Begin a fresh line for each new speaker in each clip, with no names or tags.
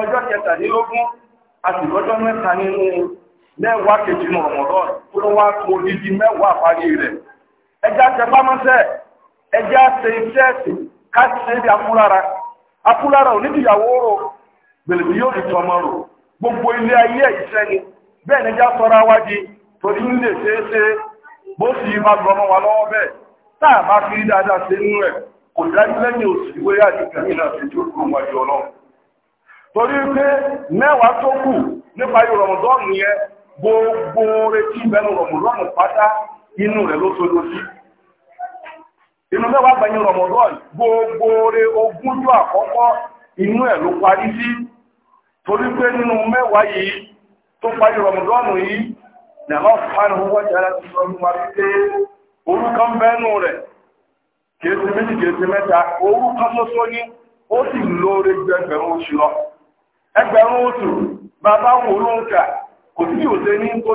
ọjọ́ kẹtàdínlógún àtìgbọ́jọ́ mẹ́ta nínú mẹ́wàá kejì nù ọ̀mọ̀rọ̀ tó wá kó dídí mẹ́wàá parí rẹ̀ ẹjá tẹ pámọ́sẹ̀ ẹjá tẹ iṣẹ́ ẹ̀sìn káàkiri ṣe bí ò níbi rò gbèlèbí gbogbo ilé ayé ni bẹ́ẹ̀ sọra wá di torí ń lè ṣe bó wa lọ́wọ́ bẹ́ẹ̀ fi dáadáa ṣe nínú kò dájú lẹ́yìn òsì wéyà ní torí pé mẹ́wàá tó kù nípa yìí rọ̀mùdọ́ọ̀nù yẹn gbogbo retí bẹnu rọ̀mùdọ́ọ̀nù pátá inú rẹ̀ ló sojú inú mẹ́wàá gbẹ̀yìn rọ̀mùdọ́ọ̀nù gbogbo re ogúnjọ́ àkọ́kọ́ inú ẹ̀ ló parí sí torí pé nínú mẹ́wàá yìí tó parí yìí fún àwọn sọ fún wa pé orúkọ bẹ́nu ẹgbẹ̀rún oṣù bàbá wò ló kò sí òṣè ní tó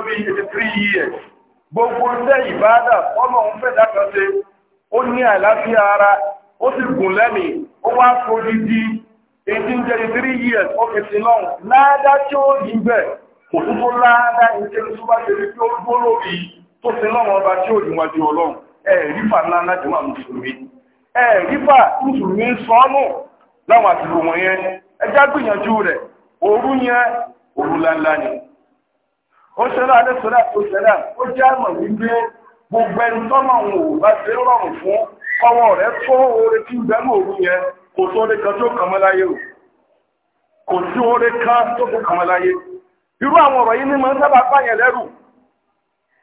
years gbogbo iṣẹ́ ìbáàdà ọmọ òun fẹ́ ó ní àìláfíà ara ó sì gùn lẹ́mìí ó wá sojú di eighteen thirty years ó fi sin lọ́hùn láàdá tí ó yí kò láàdá ṣe tó lọ́hùn ọba tí ó òru yẹn òru lala ni ó ṣẹlẹ̀ adéṣọlá tó ṣẹlẹ̀ ó jẹ́ àmọ̀ wípé gbogbo ẹni tọ́mọ̀ òun ò bá ṣe rọrùn fún ọwọ́ rẹ̀ tó oore tí ń bẹ ní yẹn kò tó oore kan tó kàn mọ́ láyé o kò sí oore kan tó kàn mọ́ ni mo ń sábà báyẹn lẹ́rù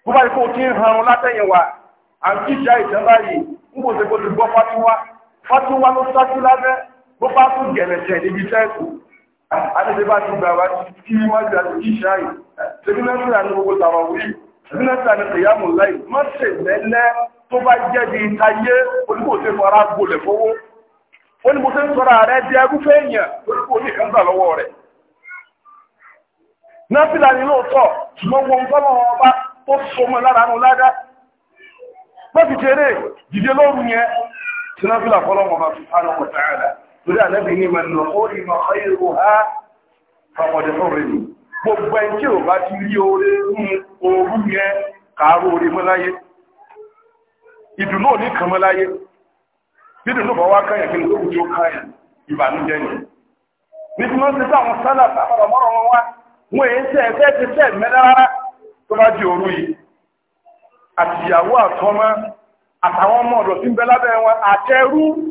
bó bá yẹ kó o ti ń hanrun látẹ̀yìnwá àti ìjà ìjọba yìí ń yi sí kó ti gbọ́ fatiwa fatiwa ló sáájú lábẹ́ bó bá tún níbi àdìsẹ́ bá ti gbàwà kí wọ́n ti àti ìṣáyì tẹ́bí lẹ́sìn àní gbogbo tàwọn wí tẹ́bí lẹ́sìn àní kìyàmù láì má ṣe lẹ́lẹ́ tó bá jẹ́ di ìtayé oníkòtẹ́ fara gbolẹ̀ fowó oníkòtẹ́ sọ́ra rẹ̀ di agúfẹ́ èèyàn oníkòtẹ́ kan gbà lọ́wọ́ rẹ̀ nọ́fìlà ni lóòótọ́ ṣùgbọ́n wọn tọ́lọ́ ọba tó sọmọ lára nù ládá bọ́ọ̀kì ṣeré dìde lóru yẹn tí nọ́fìlà fọlọ́wọ́n ọba fi torí ànábì ní mẹ́rin lọ ó rí ma ọ̀rọ̀ ha fàmọ̀dé fọ́rẹ̀ ní gbogbo ẹni tí ò bá ti rí orí ooru yẹn kàárò orí mọ́láyé ìdùnnú ò ní kàn mọ́láyé bí ìdùnnú wá káyàn kí n tó kùjọ ìbànújẹ́ ni nítorí wọ́n ti sáwọn sálà sábàrà mọ́rọ̀ wọn wá wọ́n èyí tẹ́ ẹ̀fẹ́ ti tẹ́ mẹ́rẹ́ rárá tó bá di òru yìí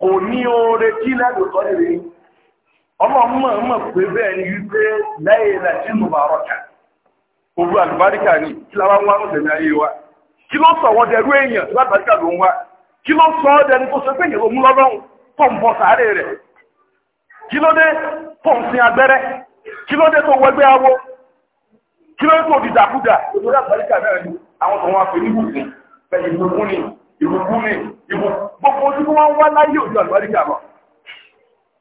kò ní oore tí lẹ́dọ̀tọ́ rèé ọmọ mọ̀ mọ̀ pé bẹ́ẹ̀ ni wípé lẹ́yìn láti ń bọ̀ ọ̀rọ̀kà gbogbo àlùbáríkà ni kí lára ń wá ní tẹ̀lé ayé wa kí ló sọ wọ́n dẹrú èèyàn tí àlùbáríkà ló ń wá kí ló sọ ọ́ dẹni tó sọ pé èèyàn ló mú lọ́rọ́rùn tó ń bọ̀ sáré rẹ̀ kí ló dé tó ń sin abẹ́rẹ́ kí ló dé tó wẹgbẹ́ awo kí ló dé tó dìdàkudà gbogbo àlùbáríkà náà ni àwọn tó wọn á ní ìbùkún mi ìbùkún gbogbo ojú kó wọ́n wá láyé òjò àlùbáríkà lọ.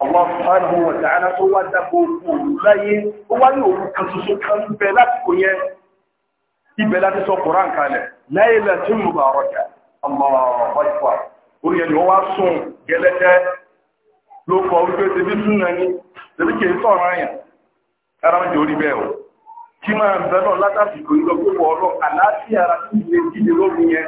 Allah subhanahu wa ta'ala tó wá dá gbogbo òru láyé ó wá ní òru kan ṣoṣo kan bẹ lásìkò yẹn ibẹ̀ láti sọ Quran kalẹ̀ laylatun mubarakah Allahu akbar orí ẹni wọ́n wá sùn gẹ́lẹ́tẹ́ ló kọ wípé tẹbí súnà ní tẹbí kìí sọ̀rọ̀ àyàn ara ń jẹ́ orí bẹ́ẹ̀ o kí máa ń bẹ́ẹ̀ náà látàsìkò ìlọ́gbọ̀wọ̀ ọlọ́ àlàáfíà ara sí ilé ìdílé lórí yẹn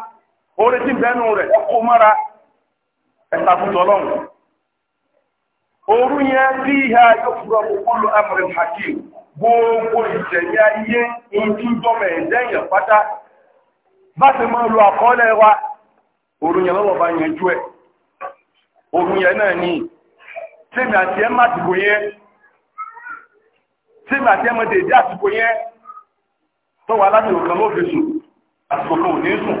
orí tí bẹ́nu rẹ̀ kó mọ́ra ẹ̀ta fún tọ́lọ́run orú yẹn tí ìhà yóò kúrò amrin hakim gbogbo ìṣẹ̀yẹ ayé ìjú dọ́mọ̀ ẹ̀dẹ́yìn pátá bá ti mọ́ lu àkọọ́lẹ̀ wa orú yẹn lọ́wọ́ bá yẹn jú ẹ̀ orú yẹn náà ni tèmi àti ẹ̀ má dìbò yẹn tèmi àti ẹ̀ mọ́ dèdé àsìkò yẹn tọ́wọ́ aláṣẹ òkan ló fi sùn àsìkò kan ò ní sùn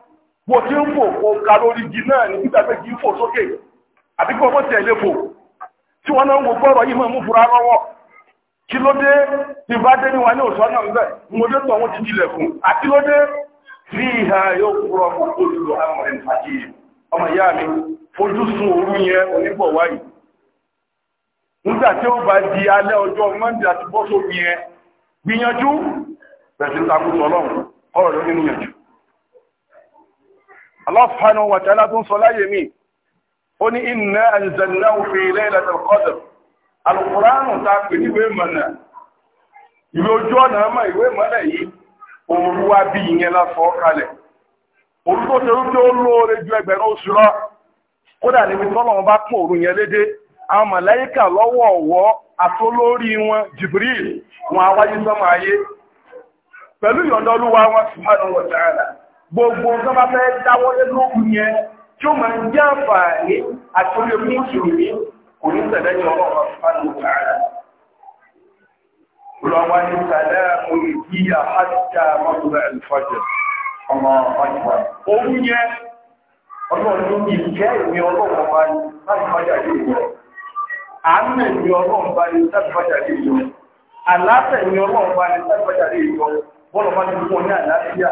bó ti ń fò òǹkà lórí igi náà ní gbígbà pé kì fò sókè àbí kó wọ́n tẹ̀lé fò tí wọ́n náà ń yìí fura kí ló dé bá dé níwá ní mo dé ti àti ló dé ìhà ọmọ ìyá mi fojú sun òru yẹn onígbọ̀ di alẹ́ ọjọ́ mọ́ndé àti bọ́sọ̀ yẹn gbìyànjú ọlọ́run ọ̀rọ̀ lórí níyànjú Allah subhanahu wa ta'ala tún sọ láyé mi ó ní inna anzalnahu fi laylatil qadr alùkùránù ta pè ní mọ̀nà ìwé ojú ọ̀nà ọmọ ìwé mọ́lẹ̀ yìí òru wa bí ìyẹn lásọ kalẹ̀ òru tó ṣe wípé ó ju ẹgbẹ̀rún oṣù lọ kódà níbi bá pọ̀ òru yẹn àwọn lọ́wọ́ ọ̀wọ́ wọn Jibril wọn awáyé ayé pẹ̀lú ìyọ̀ndọ́lúwa wọn gbogbo tó bá fẹ́ dáwọ́lé lókun yẹn tí ó máa ń jẹ́ àǹfààní àti orí omi ìṣòrí kò ní sẹ̀lẹ̀ ní ọmọ ọmọ fún àwọn ọ̀rẹ́. Olọ́wọ́ ní sàlẹ̀ orí kí àhásíkà mọ́tòlá ẹ̀lfọ́jẹ̀ ọmọ ọjọ́. Òun yẹ ọlọ́run ló ní ìjẹ́ ìwé ọlọ́run bá ní láti fájà lè yọ. Àánú ìwé ọlọ́run bá ní láti fájà lè yọ. Àlàáfẹ̀ ìwé ọlọ́run bá ní láti fájà lè yọ. Bọ́lọ̀ bá ti fún ọ ní àlàáfíà.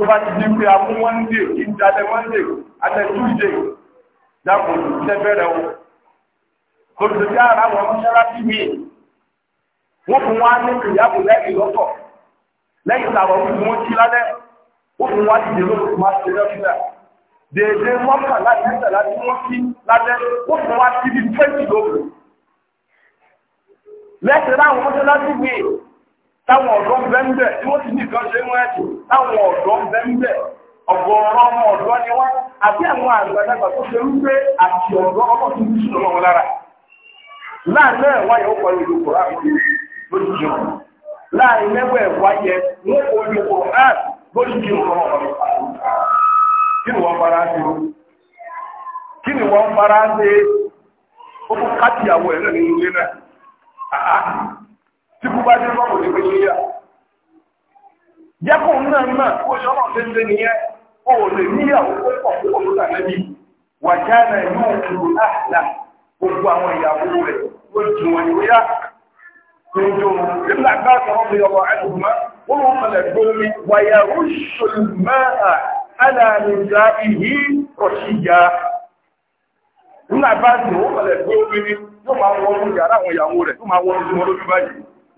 tó bá ti di pé a fún Monday kí n dalẹ̀ Monday àtẹ Tuesday dákun iṣẹ́ bẹ̀rẹ̀ o olùdókè ara wọn mọ́ṣáláṣí mi wọ́n fún wa ní ìyàbò lẹ́yìn lọ́tọ̀ lẹ́yìn tàwọn ohun wọn ti lálẹ́ ó fún wa dìde lórí máa ṣe lọ́fíà dèédé mọ́kànlá ìmẹ́tàlá tí wọ́n fi lálẹ́ ó fún wa ti di twenty lóko lẹ́sẹ̀ láwọn mọ́ṣáláṣí mi. táwọn ọ̀dọ́ ń bẹ́ ń bẹ̀ tí wọ́n ti ṣe ń rẹ́jù táwọn ọ̀dọ́ ń bẹ́ ń bẹ̀ ọ̀gọ̀ọ̀rọ̀ ọmọ ọ̀dọ́ ni wá àbí àwọn àgbàlagbà tó ṣe rú pé àti ọ̀dọ́ ọmọ tó ti sùn lọ́wọ́ lára láàrin náà wáyé ó parí ìlú kò lójú jù lẹ́wọ̀ ẹ̀ wáyé tí kú bá dé bọ́ọ̀lù ní pé ṣíyà jẹ́kùn náà náà kó ṣe ọmọ tó ń dé nìyẹn ó lè níyàwó pé pọ̀ pé òun tà lẹ́bí wà já náà yóò kúrò láàlá gbogbo àwọn ìyàwó rẹ̀ ló jù wọn ìwé yá tòjò nígbà ká sọ̀rọ̀ mi ọ̀rọ̀ àìsùnmá ó lóun mọ̀lẹ̀ gbómi wàyà ó ṣòlùmọ́ à alàmìjà ìhí rọ̀ṣíjà nígbà bá sọ̀rọ̀ mọ̀lẹ̀ gbómi yóò máa wọ́n yàrá àwọn ìyàwó rẹ̀ yóò máa wọ́n lójú báyìí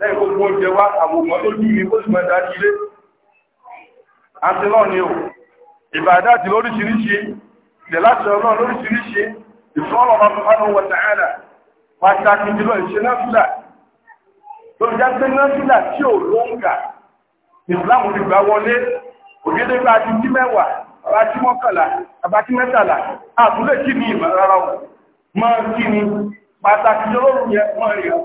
lẹ́yìn kó gbọ́ jẹ wá àwọn ọmọ tó ní ìwé oṣù mẹ́ta ní ilé àti náà ni o ìbàdá àti lóríṣiríṣi ìdẹ̀ láti ọ̀nà lóríṣiríṣi ìfọ́nà ọmọ fún wọn tààdà pàtàkì jùlọ ìṣe náfìlà tó já sí náfìlà tí ò lóǹkà ìsìláàmù ti gbà wọlé ògédé bá ti dí mẹ́wàá àbátí mọ́kànlá àbátí mẹ́tàlá àbúlé kí ni ìmọ̀ rárá o máa kí ni pàtàkì jùlọ òun yẹ mọ́ ìyàwó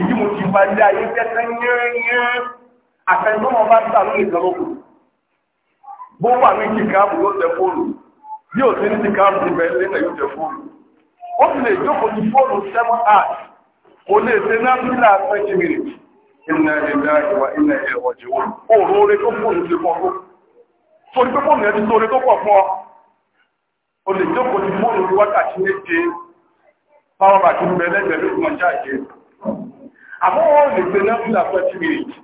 ìdí mo ti ba ilé ayé tẹ́tẹ́ yẹ́nyẹ́ àtẹnudọ́mọ bá tà lórí ìdánwò bó wà ní kíkàbù yóò tẹ fóònù bí ò sí ní kíkàbù ibẹ̀ lẹ́nà yóò tẹ fóònù ó sì lè jókòó ti fóònù seven hours kò lè ṣe náà nílà twenty minutes iná ìlà ìwà iná ẹ̀wọ̀ jẹ́wọ́ òòrùn oore tó fóònù ti pọ̀ tó torí pé fóònù yẹn ti tó oore tó pọ̀ fún ọ o lè jókòó ti fóònù wákàtí méje power bank bẹ lẹ́gbẹ̀ẹ́ lójúmọ́ àmọ́ wọn lè gbé náà fún àpẹẹtì mìíràn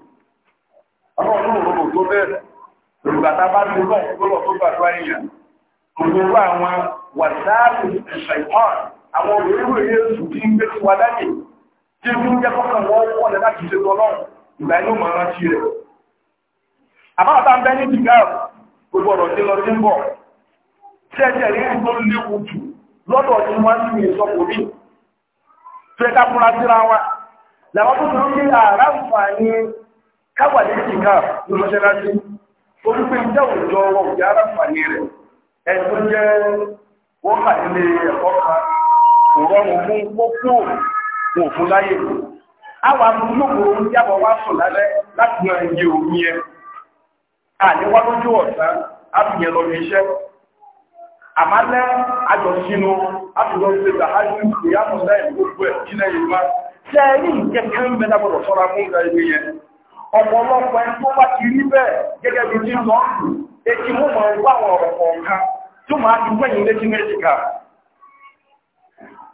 àwọn olóòrò tó bẹ̀rẹ̀ olùgbàtà bá ti lọ ìgbólọ tó gbàdúrà yìnyín gbogbo àwọn wàsáàpù ìṣàìmọ́n àwọn olóòrò yéésù tí ń gbé sí wa láyè tí ń jẹ́ kọ́kàn wọn wọ́n lè láti ṣe tọ́lọ́ ìgbà inú mọ̀ ọ́n ti rẹ̀ àmọ́ àbá ń bẹ́ ní tìgá gbogbo ọ̀rọ̀ tí lọ sí ń bọ̀ tí ẹ̀jẹ̀ rí tó léwu jù lọ́dọ̀ tí wọ́n ti ń sọ tí ẹ ká síra wa làwọn tó tún ní ààrá àǹfààní káwà ní ìkà ní mọ́ṣáláṣí orúkọ ìjọ òjò ọwọ́ òjò ara àǹfààní rẹ̀ ẹ̀sùn jẹ́ wọ́n kà nílé ẹ̀kọ́ kan kò rọrùn fún pópó wọn fún láyè àwọn amúlòkòrò ń ẹ̀ tẹ́ nke ìkẹ́kẹ́ ń bẹ lábọ̀dọ̀ sọ́ra mú ìgbà ìwé yẹn ọ̀pọ̀lọpọ̀ ẹni tó bá ti rí bẹ́ẹ̀ gẹ́gẹ́ bí ti lọ etí mú mọ̀ wá àwọn ọ̀rọ̀ kọ̀ọ̀kan tó máa ti wẹ̀yìn létí méjì ká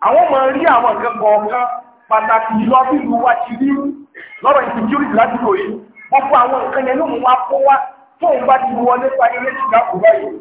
àwọn ọmọ rí àwọn nǹkan kọ̀ọ̀kan pàtàkì lọ bí ìlú wa ti rí lọ́rọ̀ ìsìnkúrì ládùúgbò yìí àwọn nǹkan yẹn wa bá ti wọlé ká kù báyìí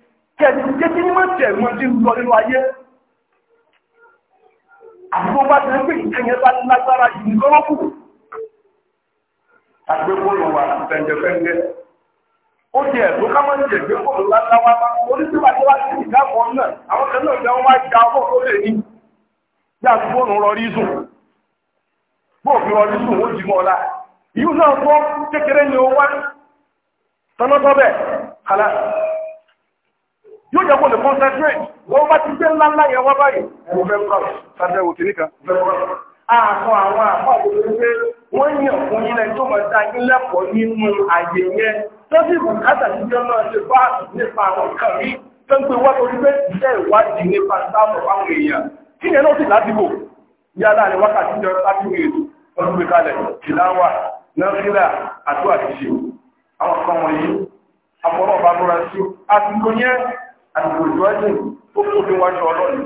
kẹ́ni jẹ́ kí ní mọ́tẹ̀ mọ́ tí ń lọ nínú ayé àbúkọ́ bá ti ń pè ìkẹyẹ bá lágbára yìí lọ́wọ́ kù àgbégbóòrò wà fẹ̀ǹdẹ̀fẹ̀ǹdẹ̀ ó ti ẹ̀dùn ká mọ́ ti ẹ̀gbégbóòrò láláwá oníṣẹ́wà tó wá sí ìdáàbọ̀ náà àwọn kan náà jẹun wá ja ọkọ̀ tó lè ní bí àgbégbóòrò rọrí sùn bó fi rọrí sùn ó jì mọ́ọ́lá ìyú náà fọ́ kékeré ni ó wá tọ́nọ́tọ́ bẹ́ẹ̀ kálá yóò jẹ́ kó lè concentrate wọ́n bá ti gbé ńlá ńlá yẹn wá báyìí ẹ̀rọ fẹ́ bọ́ sàbẹ̀wò kìíní kan àwọn àwọn àpá òṣèlú pé wọ́n yàn fún yín lẹ́yìn tó máa dá yín lẹ́kọ̀ọ́ nínú àyè yẹn tó sì bùkátà sí jẹ́ náà ṣe bá nípa àwọn nǹkan rí tó ń pe wá torí pé iṣẹ́ ìwádìí nípa sáàmù àwọn èèyàn kí yẹn náà sì ládìbò yálà ní wákàtí jọ láti rí ètò ọdún gbé kalẹ̀ ìláwà náfílà àtúwàṣìṣe àwọn kan wọ̀nyí àfọwọ́ bá múra sí àtúntò yẹn àtìkò ìjọ́jú ó kú bí wájú ọlọ́run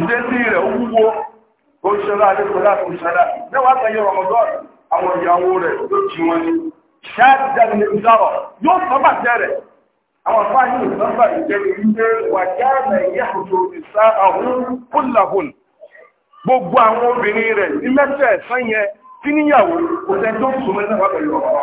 ìdésí rẹ̀ ó wúwo ó ṣẹlá àdékọlá tó ṣẹlá mẹ́wàá tẹ̀yẹ rọmọdọ́n àwọn ìyàwó rẹ̀ ló jí wọn ni ṣáàdìdàmì ìdárọ̀ yóò sọ́bà tẹ́rẹ̀ àwọn fáyé ìsọ́bà ìjẹ́rì ilé wà jáàmẹ̀ ìyàkùtò ìsá àwọn kúlàhùn gbogbo àwọn obìnrin rẹ̀ ní mẹ́tẹ̀ ẹ̀sán yẹn tí níyàwó kò tẹ́ tó sùn mẹ́tẹ̀ wà pẹ̀lú ọ̀rọ̀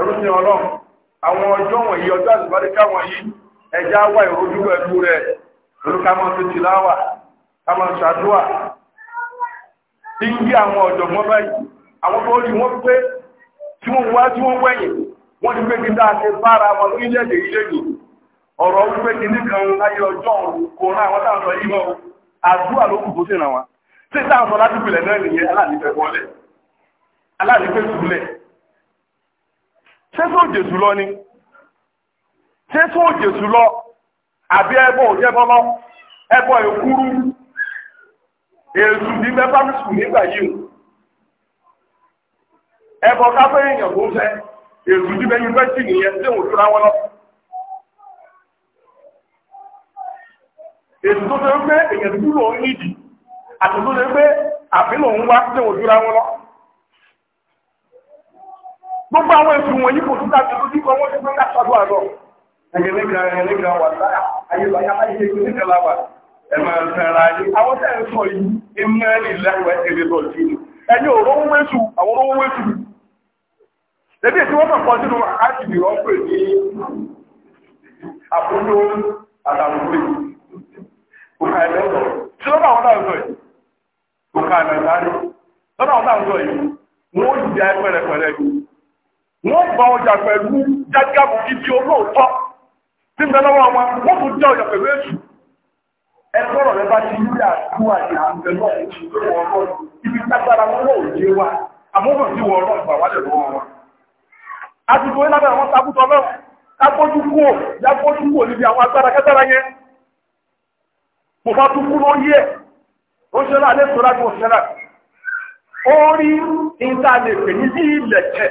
ẹrú sí ọlọ́run àwọn ọjọ́ wọ̀nyí ọjọ́ àlùbáríkà wọ̀nyí ẹja wà ìrojú ẹlú rẹ̀ pẹ̀lú ká máa tètè láwà ká máa ṣàdúà tí ń gbé àwọn ọ̀jọ̀gbọ́n báyìí àwọn tó rí wọ́n pé tí wọ́n wá tí wọ́n wẹ̀yìn wọ́n ti pé kí dáa ṣe bára wọn orílẹ̀-èdè ilé yìí ọ̀rọ̀ wípé kí nìkan láyé ọjọ́ kò àwọn táwọn yìí mọ́ àdúrà ló kù tó sì ràn wọn tí táwọn sọ láti pilẹ̀ náà nìyẹn aláàlífẹ́ wọlé aláàlífẹ́ sùlẹ̀ ṣéṣó jésù lọ ni ṣéṣó jésù lọ àbí ẹbọ òjẹbọlọ ẹbọ èkúrú èsù ní mẹfàmì sùn nígbà yìí ẹbọ káfẹ́ èèyàn tó ń fẹ́ èsù ní bẹ yunifásitì nìyẹn tí òun tura wọn lọ. èsù tó ṣe ń èèyàn dúró nídìí àtúntò ṣe gbé àbí lòun wá tí òun tura wọn lọ gbogbo àwọn ètò wọ̀nyí kò tún dájú lórí kan wọ́n ti fẹ́ káṣọ́dọ̀ àlọ́ ẹgbẹ̀rẹ̀ kan ẹgbẹ̀rẹ̀ kan wà láyà ayélujára ayélujára nígbàlá wà ẹ máa ń tẹ́ra ayé àwọn tẹ́ ń sọ yìí iná ní láìwá ẹgbẹ̀ lọ sí ni ẹni òró ń wéṣù àwọn òró ń wéṣù ètò wọ́n kọ̀ sínú àkàtìbì wọ́n ní àkójọ wọ́n gba ọjà pẹ̀lú jágábù ibi olóòótọ́ tí ń bẹ lọ́wọ́ wọn wọ́n tún jẹ́ ọjà pẹ̀lú èṣù ẹgbọ́rọ̀ rẹ bá ti rí àdúrà ní àbẹ̀lọ́ ìṣúgbẹ́ wọn lọ ibi tágbára wọn lọ òye wa àmúhàn sí wọn lọ́gbà wà lẹ̀ lọ́wọ́ wọn. àtìkò yẹn lábẹ́ àwọn sábútọ lọ́wọ́ kápójú kú ò yápójú kú ò níbi àwọn agbára kẹtàrà yẹn kò bá tún kú lóyè ẹ̀ ó ṣẹlẹ̀ alẹ́ sọ́ra kò ṣẹlẹ̀ ó rí níta lè pè ní bí ilẹ̀ kẹ̀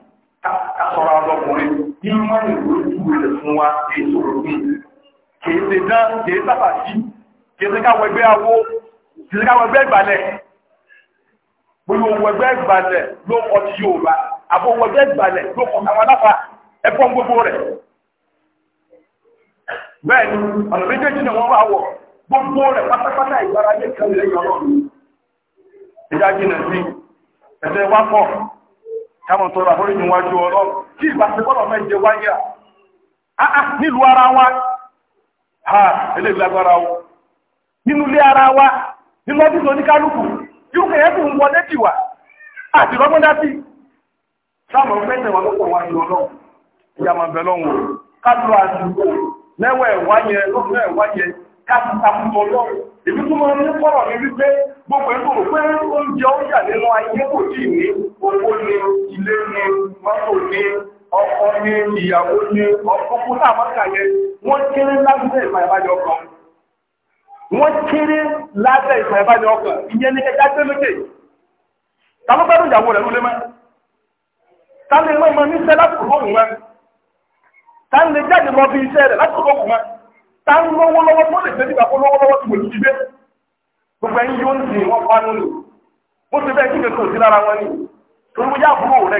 kásọ̀rọ̀ ọlọ́kùnrin nínú máa ń wò ojú rẹ̀ fún wa èso òfin kìí ṣe dán kìí sábà sí kìí ṣe káwọ ẹgbẹ́ awó kìí ṣe káwọ ẹgbẹ́ ìgbàlẹ̀ bóyá owó ẹgbẹ́ ìgbàlẹ̀ ló kọ ti Yorùbá àbò owó ẹgbẹ́ ìgbàlẹ̀ ló kọ àwọn aláfa ẹ̀fọ́n gbogbo rẹ̀ bẹ́ẹ̀ ni ọ̀nà méjèèjì ni káwọn tó ra ọlọ́run tí ìbáṣepọ̀lọ̀ náà jẹ wáyà áá ah, ah, nílùú ara wa ha eléyìí o nínú ilé ara wa nínú ọdún tó ní kálukú yóò kẹ̀yẹ́ tó ń wọlé tì àti rọ́gbọ́n lọ́pọ̀ káàkiri takùtọ̀ lọ́rùn èmi tó máa ní kọ́rọ̀ ní wípé gbogbo ẹ̀kọ́ rò pé oúnjẹ oúnjẹ nínú ayé kò tí ní owó ní ilé ní mọ́tò ní ọkọ ní ìyàwó ní ọkọ̀kú náà mọ́ta yẹn wọ́n kéré lábẹ́ ìmọ̀ ìbájọ́ kan wọ́n kéré lábẹ́ ìmọ̀ ìbájọ́ kan ìyẹn ní kẹjá gbé méjì tàbí bẹ́ẹ̀ ìyàwó rẹ̀ lólé mọ́ tàbí mọ́ ní sẹ́lá kò lóhùn mọ́ tàbí jáde rẹ̀ láti lóhùn mọ́ tá ń lówó lọ́wọ́ tó lè tẹ́lẹ̀ ìgbàgbọ́ lọ́wọ́ lọ́wọ́ tí wòlú jíde gbogbo ẹni yóò ń sìn wọ́n pánú lò bó ti bẹ́ẹ̀ kí sí lára wọn ni torí mo yá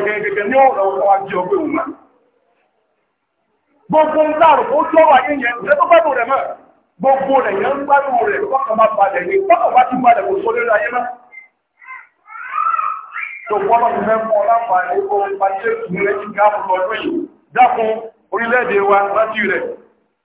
rẹ ní ọ̀rọ̀ ọ̀rọ̀ ajé ọgbẹ́ gbogbo ń dàrú ó yẹn gbogbo rẹ̀ yẹn ń gbádùn rẹ̀ balẹ̀ ní bá ti balẹ̀ kò ayé mọ́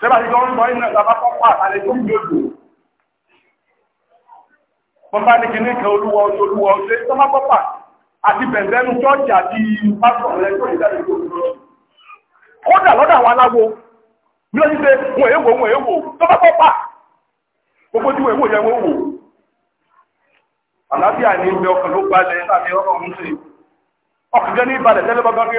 Sẹ́bà ti lọ́rùn bọ́ ìrìnà ìjọba kọ́kọ́ àtàlẹ́ tó ń gbòdò. Bọ́bá ní kìíní kan olúwa oṣù olúwa oṣù tó má pọ́pà àti bẹ̀ẹ̀bẹ̀ẹ́nu tọ́ọ̀tì àti pásítọ̀ rẹ̀ tó ìdá ìgbò. Kódà lọ́dọ̀ àwọn aláwo, bí ó ti ṣe wọ̀n èèwò wọ̀n èèwò tó má pọ́pà. Gbogbo tí wọ̀n ọkàn ló gbalẹ̀ láti ọkàn ń ṣe. Ọkàn ní ìbalẹ̀ tẹ́lẹ̀ bọ́gbọ́n kí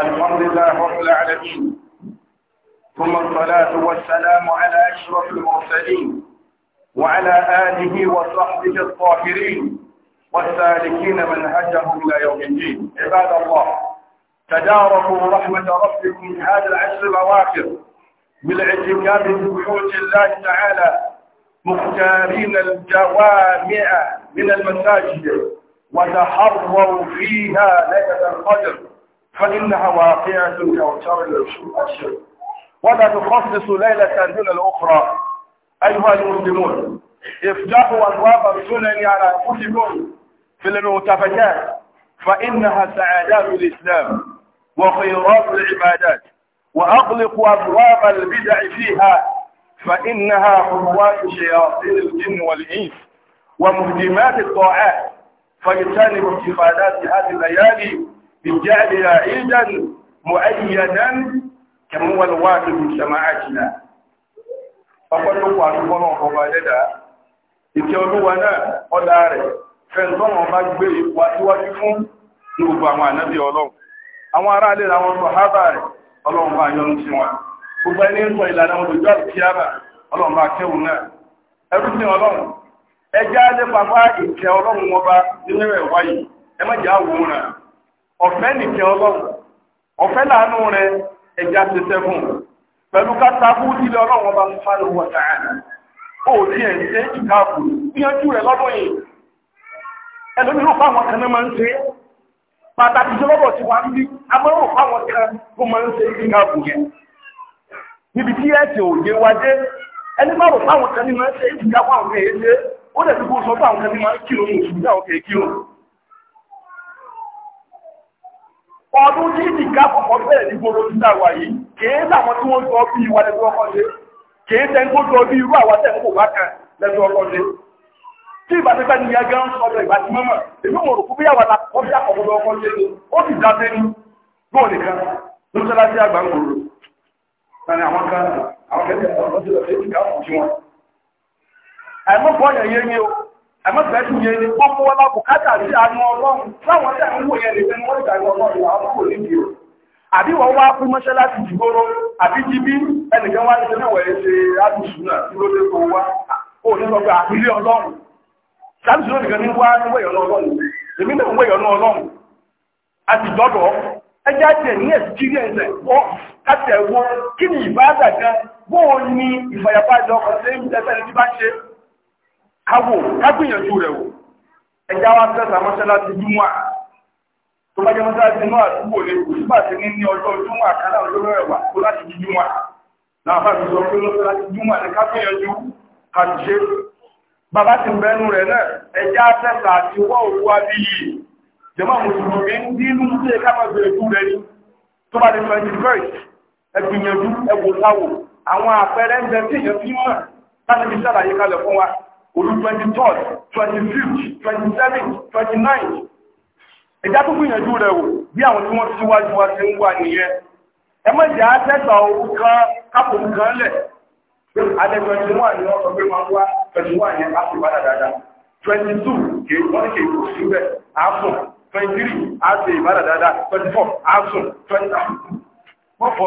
الحمد لله رب العالمين ثم الصلاة والسلام على أشرف المرسلين وعلى آله وصحبه الطاهرين والسالكين من هجه إلى يوم الدين عباد الله تداركوا رحمة ربكم في هذا العشر الأواخر بالاعتكاف في الله تعالى مختارين الجوامع من المساجد وتحروا فيها ليلة القدر فإنها واقعة كوتر العشر ولا نخصص ليلة دون الأخرى أيها المسلمون افتحوا أبواب السنن على أنفسكم في المؤتفكات فإنها سعادات الإسلام وخيرات العبادات وأغلقوا أبواب البدع فيها فإنها خطوات شياطين الجن والإنس ومهدمات الطاعات فاجتنبوا اتخاذات هذه الليالي بجعل عيدا مؤيدا كما هو الواقع في سماعاتنا فقد لقوا أنه وما لدى ìkẹ́olúwa náà ọ̀dá rẹ̀ fẹ́ntọ́nà bá gbé ipò àtíwájú fún ní gbogbo àwọn ànábì ọlọ́run àwọn ará alẹ́ àwọn sọ̀hábà rẹ̀ ọlọ́run bá yọ́nú sí wọn gbogbo ẹni bá ìkẹ́ ọlọ́run nínú ẹ má jẹ́ àwòrán ọ̀fẹ́ nìkẹ́ ọlọ́run ọ̀fẹ́ làánú rẹ ẹja ti sẹ́fún pẹ̀lú kátákù ilé ọlọ́run ọba fáwọn wọ̀ tààrà ó ti ẹ̀ ṣe ìkáàbù gbìyànjú rẹ lọ́dún yìí ẹlòmíràn fáwọn kan náà máa ń ṣe pàtàkì jọlọ́bọ̀ tí wàá ń amọ́rò fáwọn kan tó máa ń ìkáàbù yẹn níbi tí òye wájé ẹni máa rò fáwọn kan ní máa ń ìkáàbù àwọn kan ó dẹ̀ ọdún ní ìdíkà kọ̀kọ́ bẹ̀rẹ̀ ní gbogbo títà wà yìí kìí láwọn tí wọ́n sọ bí ìwà lẹ́gbẹ́ ọkọ̀ ṣe kìí tẹ́ń tó sọ bí irú àwọn tẹ́ń kò bá kan lẹ́gbẹ́ ọkọ̀ ṣe tí ìbá tẹ́fẹ́ ni yẹn gan sọ̀rọ̀ ìbá ti mọ́mọ́ èmi mọ̀ rùkú bíyàwó la kọ́ bí àkọ́kọ́ ọkọ̀ ṣe ó sì dá sẹ́nu bóò nìkan ló sọ́lá sí àgbà ń gbòòrò tani àwọn kan àwọn kẹ́kẹ́ àmọ́gbẹ̀ẹ́jú yẹn ni wọ́n mú wọn lápò kátàrí àánú ọlọ́run láwọn tẹ́ ń wò yẹn lè fẹ́ wọ́n ìgbàgbọ́ ọlọ́run àwọn kò ní ìdíò àbí wọ́n wá fún mọ́ṣáláṣí jùgbóró àbí jibí ẹnìkan wá ní sẹ́mẹ̀wẹ̀ ṣe àdùsù náà tí ló dé kó wá ó ní sọ pé àbílẹ̀ ọlọ́run sáàbùsù ló nìkan ní wá ní wẹ̀yọ̀ ọlọ́run èmi náà ń wẹ̀yọ̀ ọlọ́run a sì dọ́dọ̀ ẹjá tiẹ̀ ní experience ọ̀ kátẹ̀ wo kí ni ìbáàdà gan bóun ni ìfàyàfà ìjọkọ̀ sí ẹgbẹ́ ẹni tí bá ń ṣe káwò kágbìyànjú rẹ̀ wò ẹja wa tẹ́sà mọ́ṣáláṣí júmọ́ à tó bá jẹ́ mọ́ṣáláṣí náà àdúgbò lè kò sígbà tí ní ní ọjọ́ júmọ́ àkálà olóró ẹ̀wà tó láti di júmọ́ à náà bá mi sọ pé mọ́ṣáláṣí júmọ́ à ní kágbìyànjú kàṣe bàbá ti bẹnu rẹ̀ náà ẹja tẹ́sà àti wọ́ òkú abíyì jẹ́mọ́ mùsùlùmí ń dínú sí ẹ̀ká máa bèrè jù rẹ̀ ni tó bá di twenty first ẹgbìyànjú ẹwò sáwò àwọn àpẹẹrẹ ń bẹ tí èèyàn fi mọ̀ láti fi ṣàlàyé kalẹ̀ fún wa olú 23rd 25th 27th 29th ẹ̀dá tó gbìyànjú rẹ̀ wò bí àwọn tí wọ́n síwájú wa ti ń wà nìyẹn ẹ mọ̀ jẹ́ àtẹ́sà òun kan kápò kan lẹ̀ adé 21 ni wọ́n sọ pé máa wá 21 yẹn láti padà dáadáa 22 kì í wọ́n ní kì í kò sí bẹ́ẹ̀ àásùn 23 àti ìbára dáadáa 24 àásùn 25 wọ́n fọ́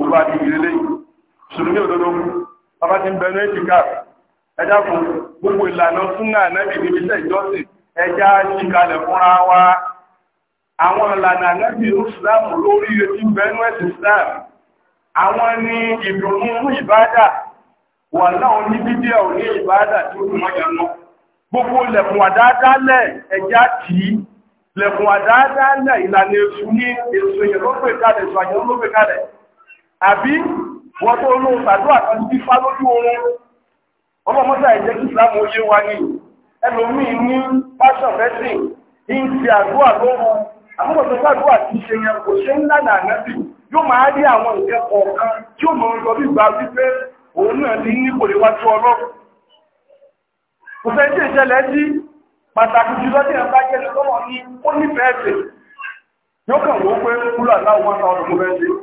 olú àdìgbìlẹ̀ lẹ́yìn ṣùgbọ́n ní òdodo bàbá ti ń bẹnu èjì káàkiri ẹjá fún gbogbo ìlànà súnà ànábì níbi iṣẹ́ ìjọsìn ẹjá ṣìkalẹ̀ fúnra wa àwọn ìlànà ànábì islam lórí etí bẹnu ẹ̀sìn islam àwọn ní ìdùnnú ìbádà wà náà ní bídíà ò ní ìbádà tí ó mọ̀ yẹn náà gbogbo lẹ̀kùn àdáadáalẹ̀ ẹjá kì í lẹ̀kùn àdáadáalẹ̀ ìlànà èṣù ní èṣù èyàn ló gbé kalẹ̀ èṣù àyàn ló gbé kalẹ̀ àbí wọ́n tó lóun ṣàdúrà kan bí fá lójú oorun ọlọ́mọdé àìjẹ́ kí ìsìlámù oyé wa ni ẹlòmíín ní fashion vesting ní ń fi àdúrà lóhun àkókò àdúrà ti ṣe yẹn kò ṣe ń lànà ànábì yóò máa rí àwọn kọ̀ọ̀kan tí ó bí wípé òun náà ní lè ọlọ́run kò fẹ́ tí ìṣẹ̀lẹ̀ pàtàkì jùlọ jẹ́ lọ́wọ́ yóò kàn wọ́n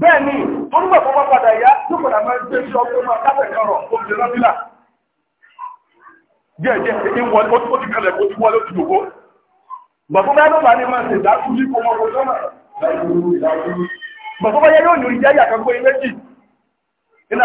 bẹ́ẹ̀ ni tó nígbà tó bá padà yá tó padà máa ń gbé sí ọgbẹ́ máa dábẹ̀ lọ́rọ̀ obìnrin lọ́bílà díẹ̀díẹ̀ ìwọlé ó ti bẹ̀rẹ̀ kó ti wọlé ó ti dòkó bàtó bá yẹ́dọ̀ bá ní máa ṣe ìdású ní kó mọ́kó tó náà bàtó bá yẹ́ yóò ní orí yáyà kan gbé méjì iná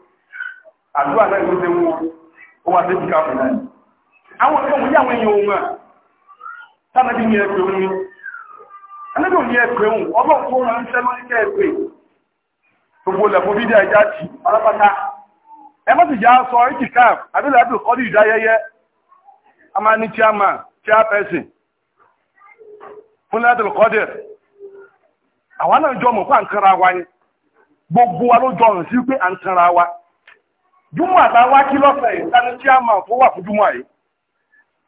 àdúrà náà ló ṣe wú ó wá sí ìjìká fún náà àwọn ọ̀sán òun yàwọn èèyàn òun náà sábàbí ní ẹgbẹ́ òun ni ẹlẹ́bí òun ní ẹgbẹ́ òun ọgbọ́n tó máa ń ṣẹ́lú ní gbogbo bídí ẹja jì pátápátá ẹ mọ́ sì já sọ ìdáyẹyẹ a chairperson kọ́dẹ̀ àwọn náà jọ mọ̀ fún àǹkanra gbogbo wa ló jọ sí júmọ̀ àtà wá kí lọ́sẹ̀ yìí tani chairman tó wà fún júmọ̀ yìí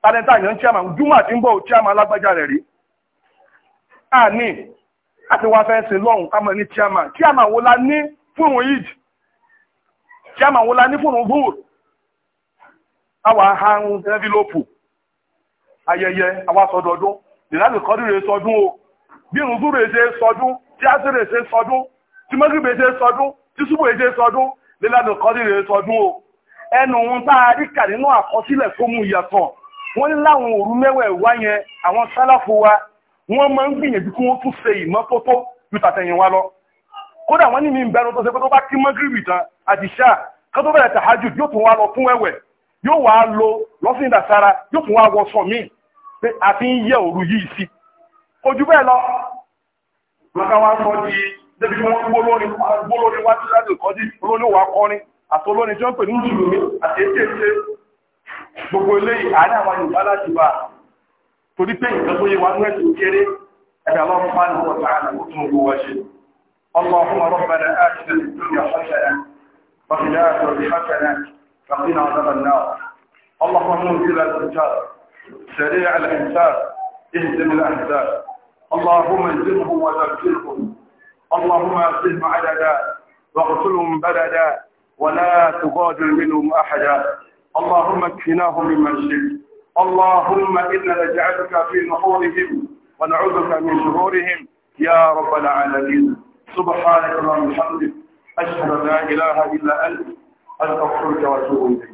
tani tá yàn chairman júmọ̀ àti ń bọ̀ chairman alágbájá rẹ̀ rí a ní àti wá fẹ́ sin lọ́hùn ká mọ̀ ní chairman chairman wo la ní fún òun yìí chairman wo la ní fún òun búrò àwa ahun envelope ayẹyẹ àwa sọdọọdún ìlànà ìkọdúnrè sọdún o bí irun dúró èdè sọdún tí ásírè ṣe sọdún tí mọ́gìrì èdè sọdún lílànà kọ́ nílé tọdún o ẹnu wọn tá a rí kà nínú àkọsílẹ̀ tó mú ìyàtọ̀ wọ́n ní láwọn òru mẹ́wẹ̀ẹ́ wá yẹn àwọn sálàfù wa wọ́n máa ń gbìyànjú kí wọ́n tún ṣe ìmọ́tótó ju tàtẹ̀yìn wa lọ kódà wọ́n ní mi ń bẹnu tó ṣe pé tó bá kí mọ́gírìbì tán àdìṣà kó tó bẹ̀rẹ̀ tàhájù yóò tún wá lọ fún wẹ́wẹ̀ yóò wá lo lọ́sìn ìdàsára yóò tún wá wọṣọ míì pé a fi ń yẹ òru yìí sí kò jù bẹ́ẹ̀ lọ. màkà wá sọ di débi tí wọ́n gbólórin gbólórin wájú láti ìkọ́jú olórin wà kọrin àti olórin tí wọ́n pè ní ìṣùlùmí àti ètèèṣe gbogbo eléyìí àárín àwọn yorùbá láti bá torí pé nǹkan tó yẹ wá nú ẹ̀sìn kéré ẹ̀dà lọ́wọ́ bá ní wọ́n tààrà ó tún gbogbo wá ṣe اللهم ربنا آتنا في الدنيا حسنة وفي الآخرة حسنة وقنا عذاب النار اللهم انزل الانكار سريع الانكار اهزم الاحزاب اللهم انزلهم وذكرهم اللهم أرسلهم عددا واغسلهم بددا ولا تبادل منهم أحدا اللهم اكفناهم ممن شئت اللهم إنا نجعلك في نحورهم ونعوذ من شرورهم يا رب العالمين سبحانك اللهم وبحمدك أشهد أن لا إله إلا أنت أستغفرك وأتوب إليك